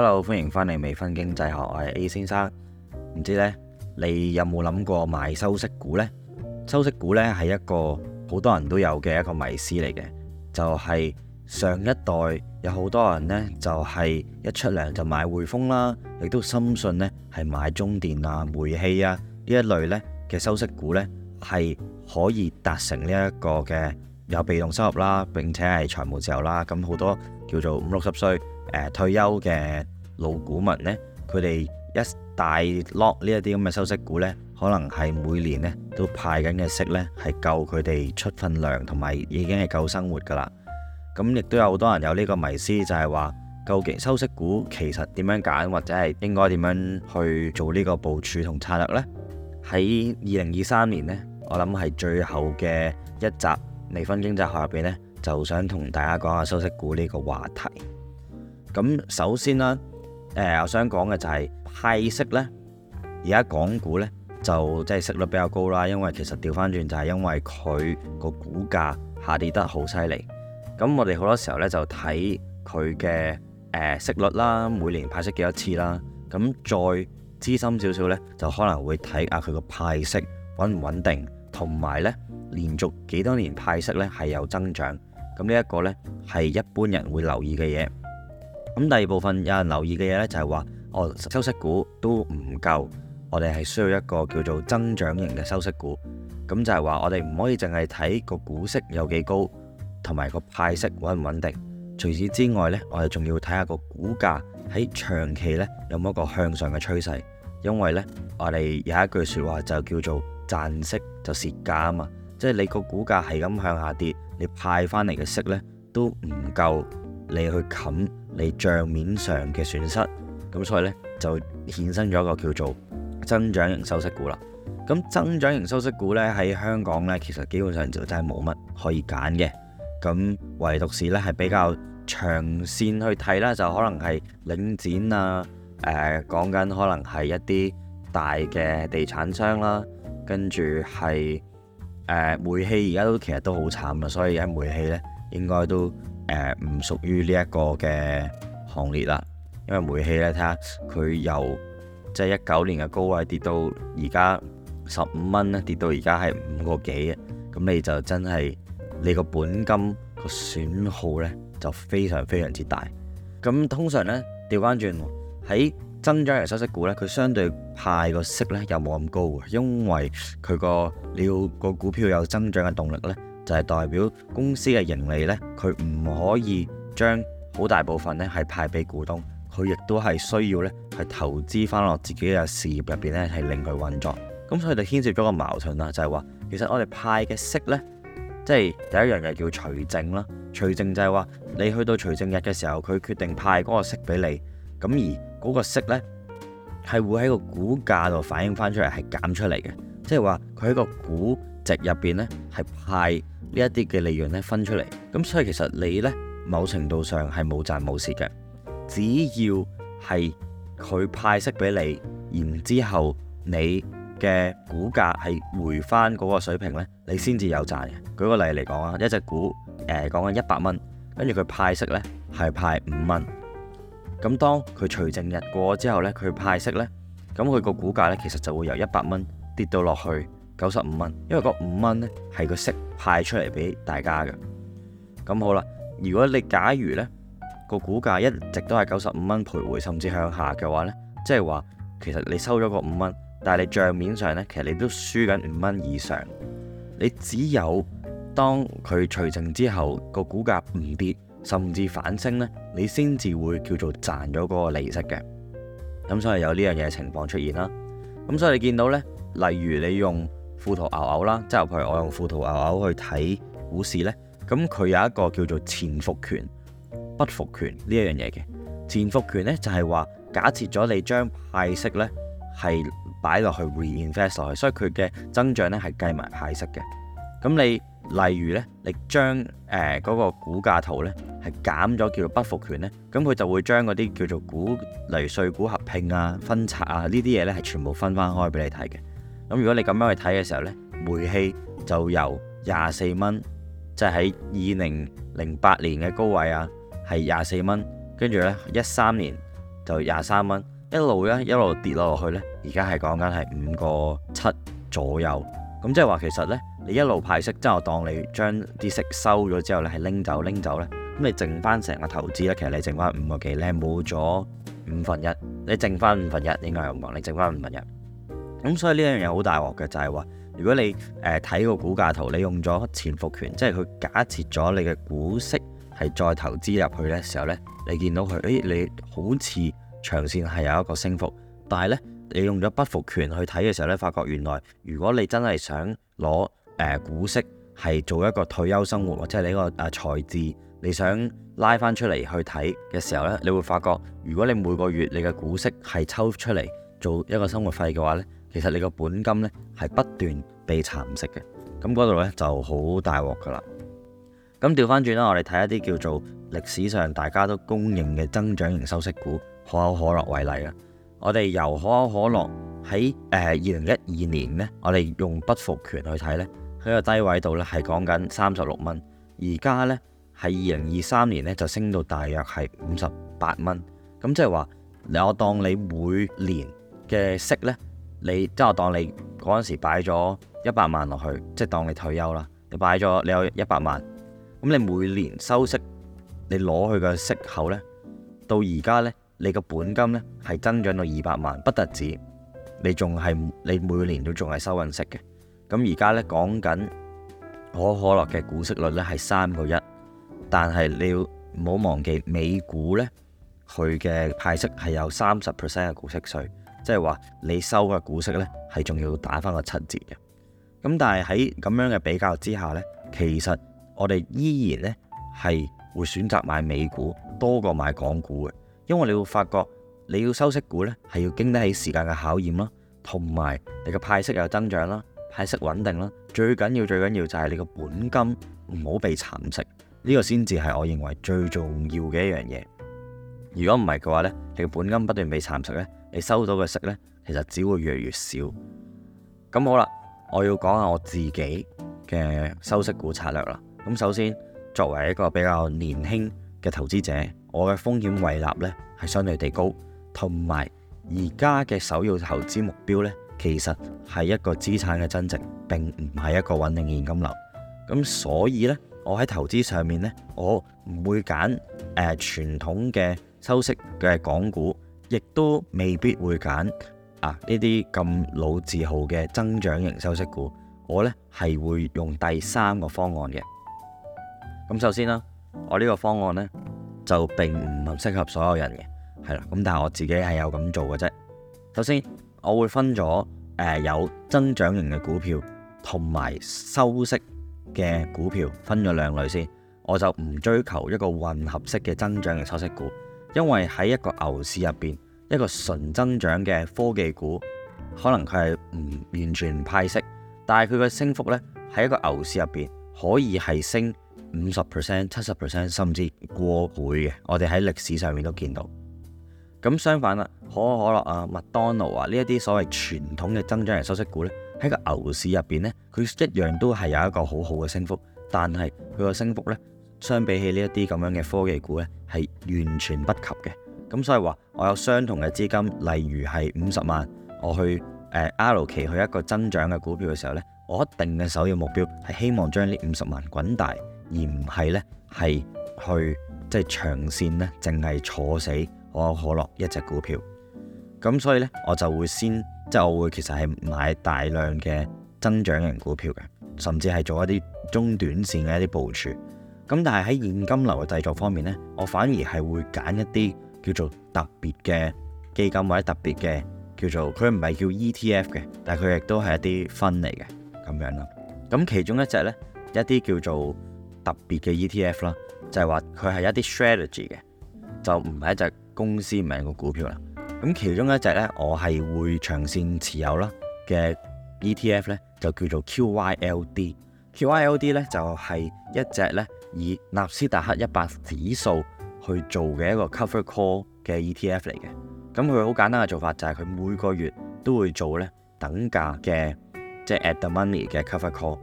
Hello，歡迎翻嚟。微醺經濟學，我係 A 先生。唔知咧，你有冇諗過買收息股咧？收息股咧係一個好多人都有嘅一個迷思嚟嘅，就係上一代有好多人咧，就係一出糧就買匯豐啦，亦都深信咧係買中電啊、煤氣啊呢一類咧嘅收息股咧係可以達成呢一個嘅有被動收入啦，並且係財務自由啦。咁好多叫做五六十歲。退休嘅老股民呢，佢哋一大 lock 呢一啲咁嘅收息股呢，可能係每年呢都派緊嘅息，息呢，係夠佢哋出份糧，同埋已經係夠生活噶啦。咁亦都有好多人有呢個迷思就，就係話究竟收息股其實點樣揀，或者係應該點樣去做呢個部署同策略呢？喺二零二三年呢，我諗係最後嘅一集微醺經濟學入邊咧，就想同大家講下收息股呢個話題。咁首先啦，誒、呃，我想講嘅就係派息呢。而家港股呢，就即係息率比較高啦，因為其實調翻轉就係因為佢個股價下跌得好犀利。咁我哋好多時候呢，就睇佢嘅誒息率啦，每年派息幾多次啦。咁再資深少少呢，就可能會睇下佢個派息穩唔穩定，同埋呢連續幾多年派息呢係有增長。咁呢一個呢，係一般人會留意嘅嘢。咁第二部分有人留意嘅嘢呢，就係話我收息股都唔夠，我哋係需要一個叫做增長型嘅收息股。咁就係話我哋唔可以淨係睇個股息有幾高，同埋個派息穩唔穩定。除此之外呢，我哋仲要睇下個股價喺長期呢有冇一個向上嘅趨勢。因為呢，我哋有一句說話就叫做賺息就蝕價啊嘛，即係你個股價係咁向下跌，你派翻嚟嘅息呢都唔夠你去冚你賬面上嘅損失，咁所以呢，就衍生咗一個叫做增長型收息股啦。咁增長型收息股呢，喺香港呢，其實基本上就真係冇乜可以揀嘅。咁唯獨是呢，係比較長線去睇啦，就可能係領展啊，誒講緊可能係一啲大嘅地產商啦、啊，跟住係誒煤氣，而家都其實都好慘啊，所以喺煤氣呢，應該都。誒，唔屬於呢一個嘅行列啦，因為煤氣呢，睇下佢由即係一九年嘅高位跌到而家十五蚊咧，跌到而家係五個幾，咁你就真係你個本金個損耗呢就非常非常之大。咁通常呢，掉返轉喺增長型收息股呢，佢相對派個息呢又冇咁高嘅，因為佢個你要個股票有增長嘅動力呢。就係代表公司嘅盈利呢，佢唔可以將好大部分呢係派俾股東，佢亦都係需要呢係投資翻落自己嘅事業入邊呢，係令佢運作。咁所以就牽涉咗個矛盾啦，就係話其實我哋派嘅息呢，即係第一樣嘢叫除淨啦。除淨就係話你去到除淨日嘅時候，佢決定派嗰個息俾你，咁而嗰個息呢，係會喺個股價度反映翻出嚟，係減出嚟嘅，即係話佢喺個股值入邊呢，係派。呢一啲嘅利潤咧分出嚟，咁所以其實你呢某程度上係冇賺冇蝕嘅，只要係佢派息俾你，然之後你嘅股價係回翻嗰個水平呢，你先至有賺嘅。舉個例嚟講啊，一隻股誒講緊一百蚊，跟住佢派息呢係派五蚊，咁當佢除淨日過之後呢，佢派息呢，咁佢個股價呢其實就會由一百蚊跌到落去。九十五蚊，因為嗰五蚊呢係個息派出嚟俾大家嘅。咁好啦，如果你假如呢個股價一直都係九十五蚊徘徊甚至向下嘅話呢，即係話其實你收咗個五蚊，但係你帳面上呢，其實你都輸緊五蚊以上。你只有當佢除淨之後，個股價唔跌甚至反升呢，你先至會叫做賺咗嗰個利息嘅。咁所以有呢樣嘢情況出現啦。咁所以你見到呢，例如你用。富途牛牛啦，即係譬如我用富途牛牛去睇股市呢。咁佢有一個叫做潛伏權、不復權呢一樣嘢嘅。潛伏權呢，就係話假設咗你將派息呢係擺落去 reinvest 落去，所以佢嘅增長呢係計埋派息嘅。咁你例如呢，你將誒嗰個股價圖呢係減咗叫做不復權呢，咁佢就會將嗰啲叫做股，例如碎股合併啊、分拆啊呢啲嘢呢係全部分翻開俾你睇嘅。咁如果你咁樣去睇嘅時候呢，煤氣就由廿四蚊，即係喺二零零八年嘅高位啊，係廿四蚊，跟住呢，一三年就廿三蚊，一路呢，一路跌落落去呢。而家係講緊係五個七左右。咁即係話其實呢，你一路派息，即係我當你將啲息收咗之後咧，係拎走拎走呢。咁你剩翻成個投資呢，其實你剩翻五個幾呢，冇咗五分一，你剩翻五分一應該係唔錯，你剩翻五分一。咁所以呢樣嘢好大鑊嘅，就係話，如果你誒睇個股價圖，你用咗前復權，即係佢假設咗你嘅股息係再投資入去嘅時候呢，你見到佢，誒你好似長線係有一個升幅，但係呢，你用咗不復權去睇嘅時候呢，發覺原來如果你真係想攞誒股息係做一個退休生活或者係你一個誒財資，你想拉翻出嚟去睇嘅時候呢，你會發覺，如果你每個月你嘅股息係抽出嚟做一個生活費嘅話呢，其實你個本金呢係不斷被蠶食嘅，咁嗰度呢就好大鑊噶啦。咁調翻轉啦，我哋睇一啲叫做歷史上大家都公認嘅增長型收息股可口可樂為例啦。我哋由可口可樂喺誒二零一二年呢，我哋用不復權去睇呢，佢個低位度呢係講緊三十六蚊，而家呢係二零二三年呢就升到大約係五十八蚊。咁即係話，我當你每年嘅息呢。你即係當你嗰陣時擺咗一百萬落去，即係當你退休啦。你擺咗你有一百萬，咁你每年收息，你攞佢嘅息口呢，到而家呢，你嘅本金呢係增長到二百萬，不得止你，你仲係你每年都仲係收運息嘅。咁而家呢，講緊可口可樂嘅股息率呢係三個一，1, 但係你要唔好忘記美股呢，佢嘅派息係有三十 percent 嘅股息稅。即係話，你收嘅股息呢係仲要打翻個七折嘅。咁但係喺咁樣嘅比較之下呢，其實我哋依然呢係會選擇買美股多過買港股嘅，因為你會發覺你要收息股呢係要經得起時間嘅考驗咯，同埋你嘅派息又增長啦，派息穩定啦，最緊要最緊要就係你嘅本金唔好被蠶食，呢個先至係我認為最重要嘅一樣嘢。如果唔係嘅話呢，你嘅本金不斷被蠶食咧。你收到嘅息呢，其實只會越嚟越少。咁好啦，我要講下我自己嘅收息股策略啦。咁首先，作為一個比較年輕嘅投資者，我嘅風險胃納呢係相對地高，同埋而家嘅首要投資目標呢，其實係一個資產嘅增值，並唔係一個穩定現金流。咁所以呢，我喺投資上面呢，我唔會揀誒傳統嘅收息嘅港股。亦都未必會揀啊呢啲咁老字號嘅增長型收息股，我呢係會用第三個方案嘅。咁首先啦，我呢個方案呢就並唔適合所有人嘅，係啦。咁但係我自己係有咁做嘅啫。首先，我會分咗誒、呃、有增長型嘅股票同埋收息嘅股票分咗兩類先，我就唔追求一個混合式嘅增長型收息股。因為喺一個牛市入邊，一個純增長嘅科技股，可能佢係唔完全派息，但係佢嘅升幅呢，喺一個牛市入邊，可以係升五十 percent、七十 percent 甚至過倍嘅。我哋喺歷史上面都見到。咁相反啦，可口可樂啊、麥當勞啊呢一啲所謂傳統嘅增長型收息股呢，喺個牛市入邊呢，佢一樣都係有一個好好嘅升幅，但係佢個升幅呢。相比起呢一啲咁樣嘅科技股呢，係完全不及嘅。咁所以話，我有相同嘅資金，例如係五十萬，我去誒 L 期去一個增長嘅股票嘅時候呢，我一定嘅首要目標係希望將呢五十萬滾大，而唔係呢係去即係、就是、長線呢，淨係坐死可口可樂一隻股票。咁所以呢，我就會先即係我會其實係買大量嘅增長型股票嘅，甚至係做一啲中短線嘅一啲部署。咁但係喺現金流嘅製作方面呢，我反而係會揀一啲叫做特別嘅基金或者特別嘅叫做佢唔係叫 E T F 嘅，但係佢亦都係一啲分嚟嘅咁樣啦。咁其中一隻呢，一啲叫做特別嘅 E T F 啦，就係話佢係一啲 strategy 嘅，就唔係一隻公司唔係一個股票啦。咁其中一隻呢，我係會長線持有啦嘅 E T F 呢，就叫做 Q Y L D。Q Y L D 呢，就係一隻呢。以納斯達克一百指數去做嘅一個 Cover Call 嘅 ETF 嚟嘅，咁佢好簡單嘅做法就係佢每個月都會做咧等價嘅，即係 At the Money 嘅 Cover Call。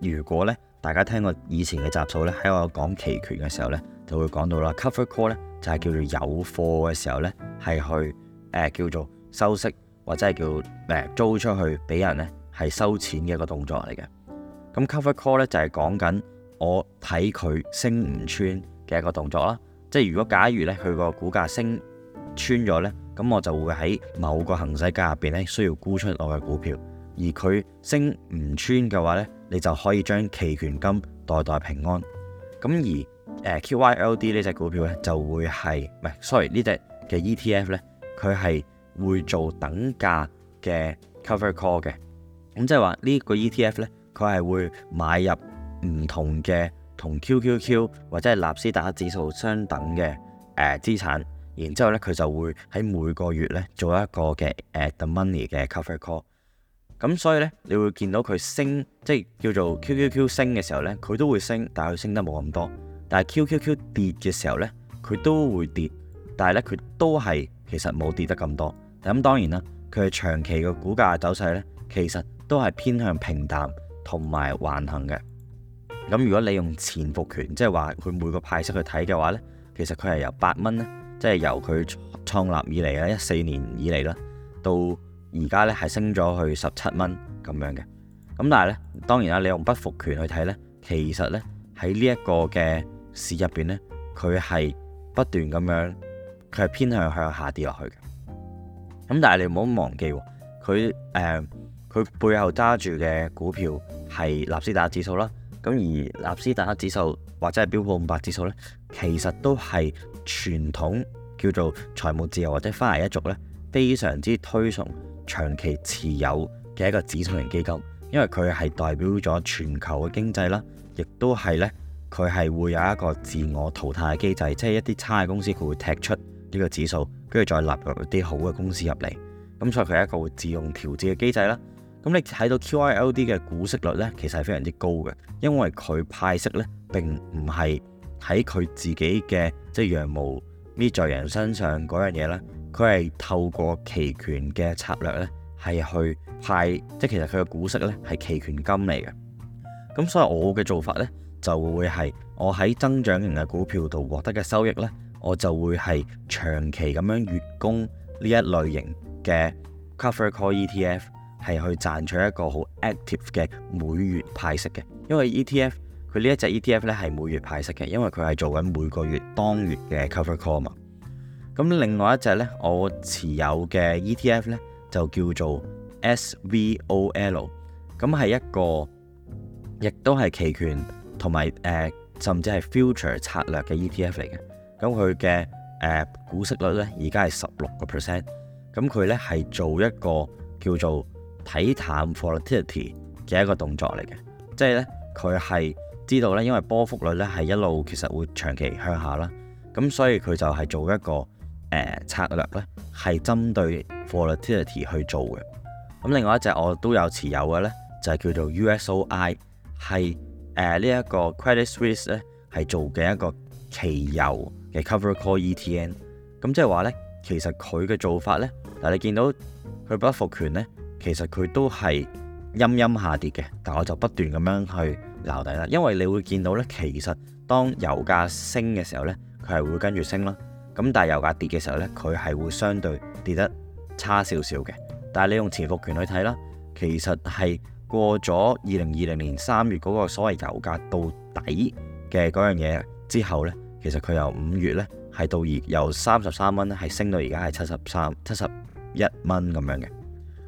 如果咧大家聽過以前嘅集數咧喺我講期權嘅時候咧就會講到啦，Cover Call 咧就係叫做有貨嘅時候咧係去誒、呃、叫做收息或者係叫誒租出去俾人咧係收錢嘅一個動作嚟嘅。咁 Cover Call 呢，就係講緊。我睇佢升唔穿嘅一個動作啦，即係如果假如咧佢個股價升穿咗咧，咁我就會喺某個行使價入邊咧需要沽出我嘅股票，而佢升唔穿嘅話咧，你就可以將期權金代代平安。咁而誒 QYLD 呢隻股票咧就會係，唔係，sorry 呢隻嘅 ETF 咧，佢係會做等價嘅 Cover Call 嘅。咁即係話呢個 ETF 咧，佢係會買入。唔同嘅同 Q Q Q 或者係納斯達克指數相等嘅誒、呃、資產，然之後咧佢就會喺每個月呢做一個嘅 a、呃、at the money 嘅 cover call。咁所以呢，你會見到佢升，即係叫做 Q Q Q 升嘅時候呢，佢都會升，但係佢升得冇咁多。但係 Q Q Q 跌嘅時候呢，佢都會跌，但係呢，佢都係其實冇跌得咁多。咁當然啦，佢係長期嘅股價走勢呢，其實都係偏向平淡同埋橫行嘅。咁如果你用前復權，即係話佢每個派息去睇嘅話呢，其實佢係由八蚊咧，即係由佢創立以嚟咧一四年以嚟啦，到而家咧係升咗去十七蚊咁樣嘅。咁但係呢，當然啦，你用不復權去睇呢，其實呢，喺呢一個嘅市入邊呢，佢係不斷咁樣，佢係偏向向下跌落去嘅。咁但係你唔好忘記喎，佢誒佢背後揸住嘅股票係納斯達克指數啦。咁而納斯達克指數或者係標普五百指數咧，其實都係傳統叫做財務自由或者花泥一族咧，非常之推崇長期持有嘅一個指數型基金，因為佢係代表咗全球嘅經濟啦，亦都係咧，佢係會有一個自我淘汰嘅機制，即係一啲差嘅公司佢會踢出呢個指數，跟住再納入一啲好嘅公司入嚟，咁所以佢係一個會自動調節嘅機制啦。咁你睇到 QILD 嘅股息率呢，其實係非常之高嘅，因為佢派息呢，並唔係喺佢自己嘅即係羊毛搣在人身上嗰樣嘢啦，佢係透過期權嘅策略呢，係去派，即係其實佢嘅股息呢，係期權金嚟嘅。咁所以我嘅做法呢，就會係我喺增長型嘅股票度獲得嘅收益呢，我就會係長期咁樣月供呢一類型嘅 Covered Call ETF。係去賺取一個好 active 嘅每月派息嘅，因為 E T F 佢呢一隻 E T F 咧係每月派息嘅，因為佢係做緊每個月當月嘅 cover call 嘛。咁另外一隻呢，我持有嘅 E T F 呢，就叫做 S V O L，咁係一個亦都係期權同埋誒甚至係 future 策略嘅 E T F 嚟嘅。咁佢嘅誒股息率呢，而家係十六個 percent，咁佢呢係做一個叫做睇淡 volatility 嘅一個動作嚟嘅，即係咧佢係知道咧，因為波幅率咧係一路其實會長期向下啦，咁所以佢就係做一個誒、呃、策略咧，係針對 volatility 去做嘅。咁另外一隻我都有持有嘅咧，就係叫做 USOI，係誒呢一個 Credit Suisse 咧係做嘅一個期油嘅 Cover Call ETN，嗯。咁即係話咧，其實佢嘅做法咧，嗱你見到佢不復權咧。其實佢都係陰陰下跌嘅，但我就不斷咁樣去撈底啦。因為你會見到呢，其實當油價升嘅時候呢，佢係會跟住升啦。咁但係油價跌嘅時候呢，佢係會相對跌得差少少嘅。但係你用潛伏權去睇啦，其實係過咗二零二零年三月嗰個所謂油價到底嘅嗰樣嘢之後呢，其實佢由五月呢，係到而由三十三蚊咧係升到而家係七十三七十一蚊咁樣嘅。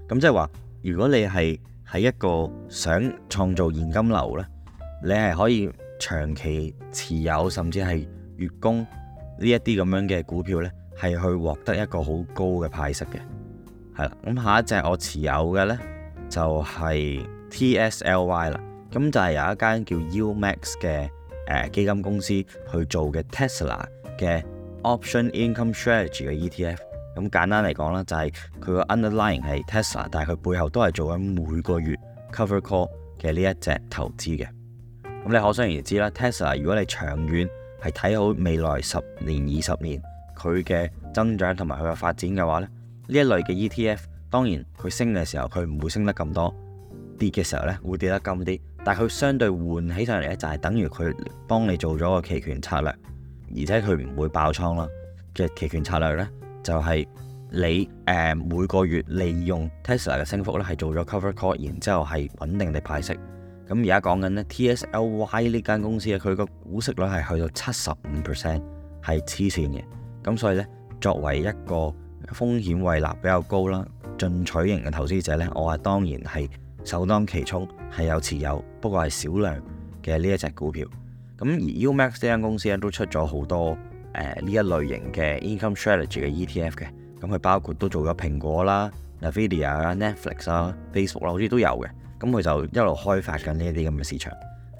咁即係話，如果你係喺一個想創造現金流呢，你係可以長期持有，甚至係月供呢一啲咁樣嘅股票呢，係去獲得一個好高嘅派息嘅。係啦，咁下一隻我持有嘅呢，就係 TSLY 啦，咁就係有一間叫 Umax 嘅誒基金公司去做嘅 Tesla 嘅 Option Income Strategy 嘅 ETF。咁簡單嚟講咧，就係佢個 underlying 係 Tesla，但係佢背後都係做緊每個月 cover call 嘅呢一隻投資嘅。咁你可想而知啦，Tesla 如果你長遠係睇好未來十年、二十年佢嘅增長同埋佢嘅發展嘅話咧，呢一類嘅 ETF 當然佢升嘅時候佢唔會升得咁多，跌嘅時候咧會跌得咁啲，但係佢相對換起上嚟咧就係等於佢幫你做咗個期權策略，而且佢唔會爆倉啦嘅期權策略咧。就係你誒、呃、每個月利用 Tesla 嘅升幅咧，係做咗 Cover Call，然之後係穩定地派息。咁而家講緊咧，TSLY 呢間公司啊，佢個股息率係去到七十五 percent，係黐線嘅。咁所以呢，作為一個風險胃納比較高啦、進取型嘅投資者咧，我係當然係首當其衝係有持有，不過係少量嘅呢一隻股票。咁而 Umax 呢間公司咧都出咗好多。誒呢一類型嘅 income strategy 嘅 ETF 嘅，咁佢包括都做咗蘋果啦、Nvidia 啦、Netflix、Facebook、啦、Facebook 啦，好似都有嘅，咁佢就一路開發緊呢一啲咁嘅市場。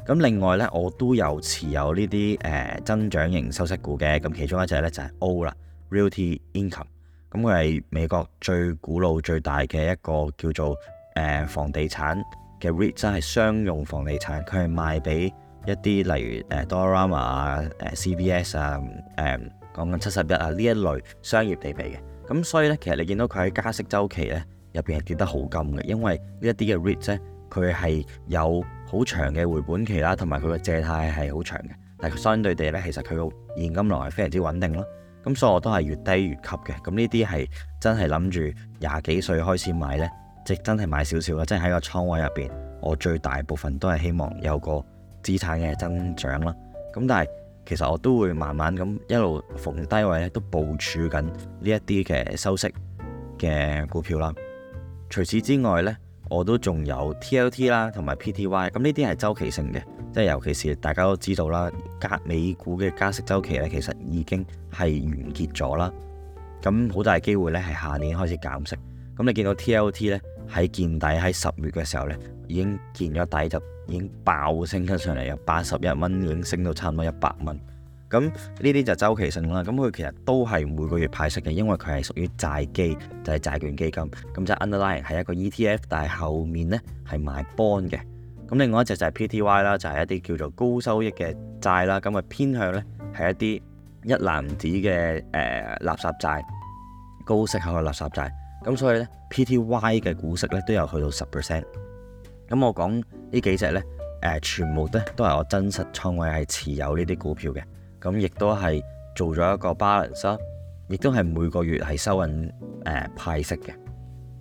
咁另外呢，我都有持有呢啲誒增長型收息股嘅，咁其中一隻呢，就係 O 啦，Realty Income。咁佢係美國最古老、最大嘅一個叫做誒、呃、房地產嘅 REIT，真係商用房地產，佢係賣俾。一啲例如誒 Dollarama 啊、誒 CBS 啊、誒講緊七十一啊呢一類商業地皮嘅，咁，所以呢，其實你見到佢喺加息周期呢入邊係跌得好勁嘅，因為呢一啲嘅 REITs 呢，佢係有好長嘅回本期啦，同埋佢個借貸係好長嘅，但係相對地呢，其實佢個現金流係非常之穩定咯。咁所以我都係越低越吸嘅。咁呢啲係真係諗住廿幾歲開始買呢，即真係買少少啦，即係喺個倉位入邊，我最大部分都係希望有個。資產嘅增長啦，咁但係其實我都會慢慢咁一路逢低位咧，都部署緊呢一啲嘅收息嘅股票啦。除此之外呢，我都仲有 TLT 啦同埋 PTY，咁呢啲係周期性嘅，即係尤其是大家都知道啦，加美股嘅加息周期呢，其實已經係完結咗啦，咁好大機會呢係下年開始減息。咁你見到 T L T 咧，喺見底喺十月嘅時候咧，已經見咗底，就已經爆升咗上嚟，由八十一蚊已經升到差唔多一百蚊。咁呢啲就周期性啦。咁佢其實都係每個月派息嘅，因為佢係屬於債基，就係債券基金。咁即係 underline 係一個 E T F，但係後面咧係買 bond 嘅。咁另外一隻就係 P T Y 啦，就係一啲叫做高收益嘅債啦。咁啊，偏向咧係一啲一籃子嘅誒垃圾債，高息口嘅垃圾債。咁所以咧，PTY 嘅股息咧都有去到十 percent。咁我講呢幾隻咧，誒、呃，全部咧都係我真實倉位係持有呢啲股票嘅。咁亦都係做咗一個 balance，亦都係每個月係收緊誒、呃、派息嘅。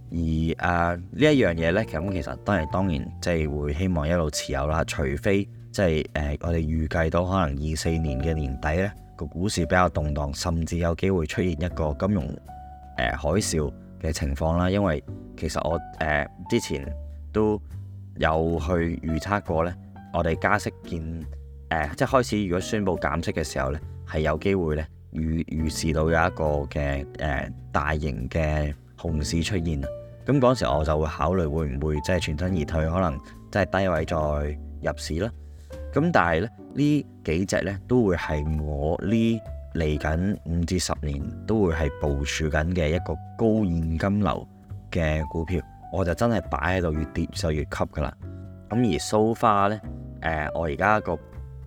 而誒呢、呃、一樣嘢咧，咁其實當然當然即係會希望一路持有啦。除非即係誒、呃、我哋預計到可能二四年嘅年底咧個股市比較動盪，甚至有機會出現一個金融誒、呃、海嘯。嘅情況啦，因為其實我誒、呃、之前都有去預測過呢。我哋加息見誒、呃，即係開始如果宣布減息嘅時候呢，係有機會咧預預示到有一個嘅誒、呃、大型嘅熊市出現啊。咁嗰時我就會考慮會唔會即係全身而退，可能即係低位再入市啦。咁但係咧呢幾隻呢，都會係我呢。嚟緊五至十年都會係部署緊嘅一個高現金流嘅股票，我就真係擺喺度，越跌就越吸噶啦。咁而 so far 呢，誒、呃，我而家個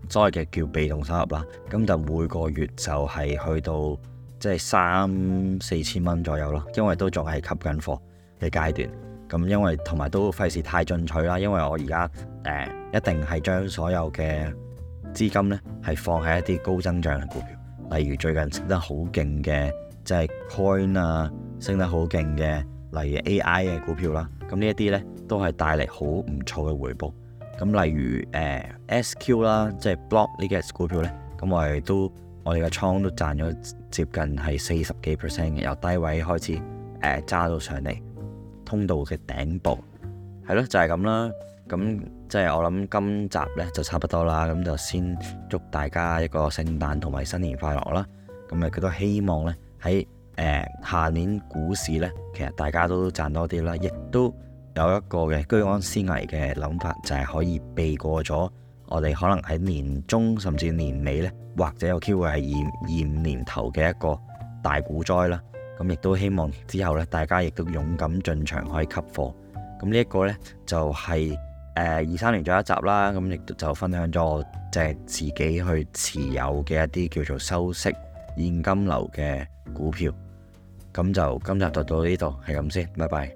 所謂嘅叫被動收入啦，咁就每個月就係去到即係、就是、三四千蚊左右咯，因為都仲係吸緊貨嘅階段。咁因為同埋都費事太進取啦，因為我而家誒一定係將所有嘅資金呢，係放喺一啲高增長嘅股票。例如最近升得好勁嘅，即係 coin 啊，升得好勁嘅，例如 AI 嘅股票啦，咁呢一啲呢，都係帶嚟好唔錯嘅回報。咁例如誒、呃、SQ 啦，即係 block 呢隻股票呢。咁我哋都我哋嘅倉都賺咗接近係四十幾 percent 嘅，由低位開始誒揸、呃、到上嚟通道嘅頂部，係咯，就係、是、咁啦。咁即係我諗今集呢就差不多啦，咁就先祝大家一個聖誕同埋新年快樂啦。咁誒，佢都希望呢喺誒、呃、下年股市呢，其實大家都賺多啲啦，亦都有一個嘅居安思危嘅諗法，就係、是、可以避過咗我哋可能喺年中甚至年尾呢，或者有機會係二二五年頭嘅一個大股災啦。咁亦都希望之後呢，大家亦都勇敢進場可以吸貨。咁呢一個呢，就係、是。誒，二三年再一集啦，咁亦都就分享咗我即係自己去持有嘅一啲叫做收息現金流嘅股票，咁就今集就到呢度，係咁先，拜拜。